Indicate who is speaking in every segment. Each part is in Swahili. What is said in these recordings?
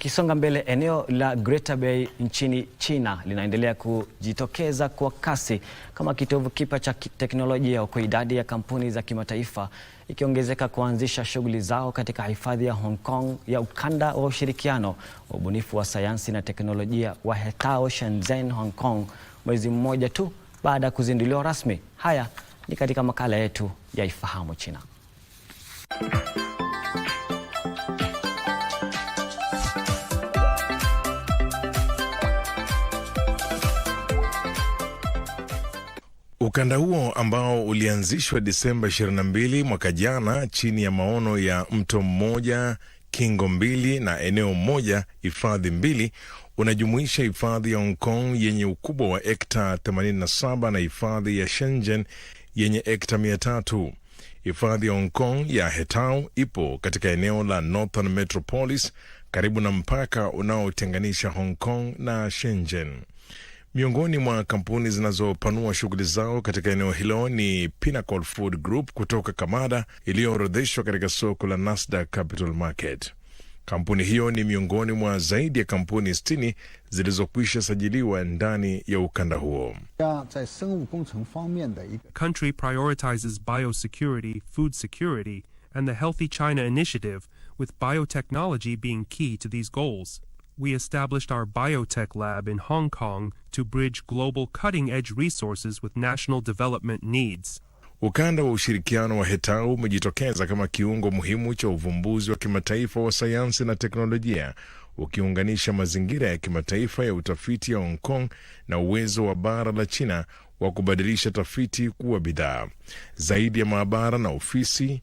Speaker 1: Kisonga mbele, eneo la Greater Bay nchini China linaendelea kujitokeza kwa kasi kama kitovu kipya cha teknolojia, huku idadi ya kampuni za kimataifa ikiongezeka kuanzisha shughuli zao katika hifadhi ya Hong Kong ya ukanda wa ushirikiano wa ubunifu wa sayansi na teknolojia wa HETAO Shenzhen Hong Kong, mwezi mmoja tu baada ya kuzinduliwa rasmi. Haya ni katika makala yetu ya Ifahamu China.
Speaker 2: Ukanda huo ambao ulianzishwa Disemba 22 mwaka jana chini ya maono ya mto mmoja, kingo mbili na eneo moja, hifadhi mbili, unajumuisha hifadhi ya Hong Kong yenye ukubwa wa ekta 87 na hifadhi ya Shenzhen yenye ekta 300. Hifadhi ya Hong Kong ya Hetao ipo katika eneo la Northern Metropolis karibu na mpaka unaotenganisha Hong Kong na Shenzhen. Miongoni mwa kampuni zinazopanua shughuli zao katika eneo hilo ni Pinnacle Food Group kutoka Kamada iliyoorodheshwa katika soko la Nasdaq Capital Market. Kampuni hiyo ni miongoni mwa zaidi ya kampuni 60 zilizokwisha sajiliwa ndani ya ukanda huo.
Speaker 3: Country prioritizes biosecurity, food security and the Healthy China initiative with biotechnology being key to these goals we established our biotech lab in Hong Kong to bridge global cutting-edge resources with national development needs.
Speaker 2: Ukanda wa ushirikiano wa HETAU umejitokeza kama kiungo muhimu cha uvumbuzi wa kimataifa wa sayansi na teknolojia, ukiunganisha mazingira ya kimataifa ya utafiti ya Hong Kong na uwezo wa bara la China wa kubadilisha tafiti kuwa bidhaa. Zaidi ya maabara na ofisi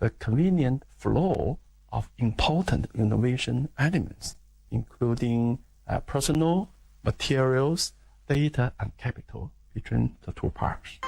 Speaker 4: the convenient flow of important innovation elements, including uh, personal, materials, data, and capital between the two parts.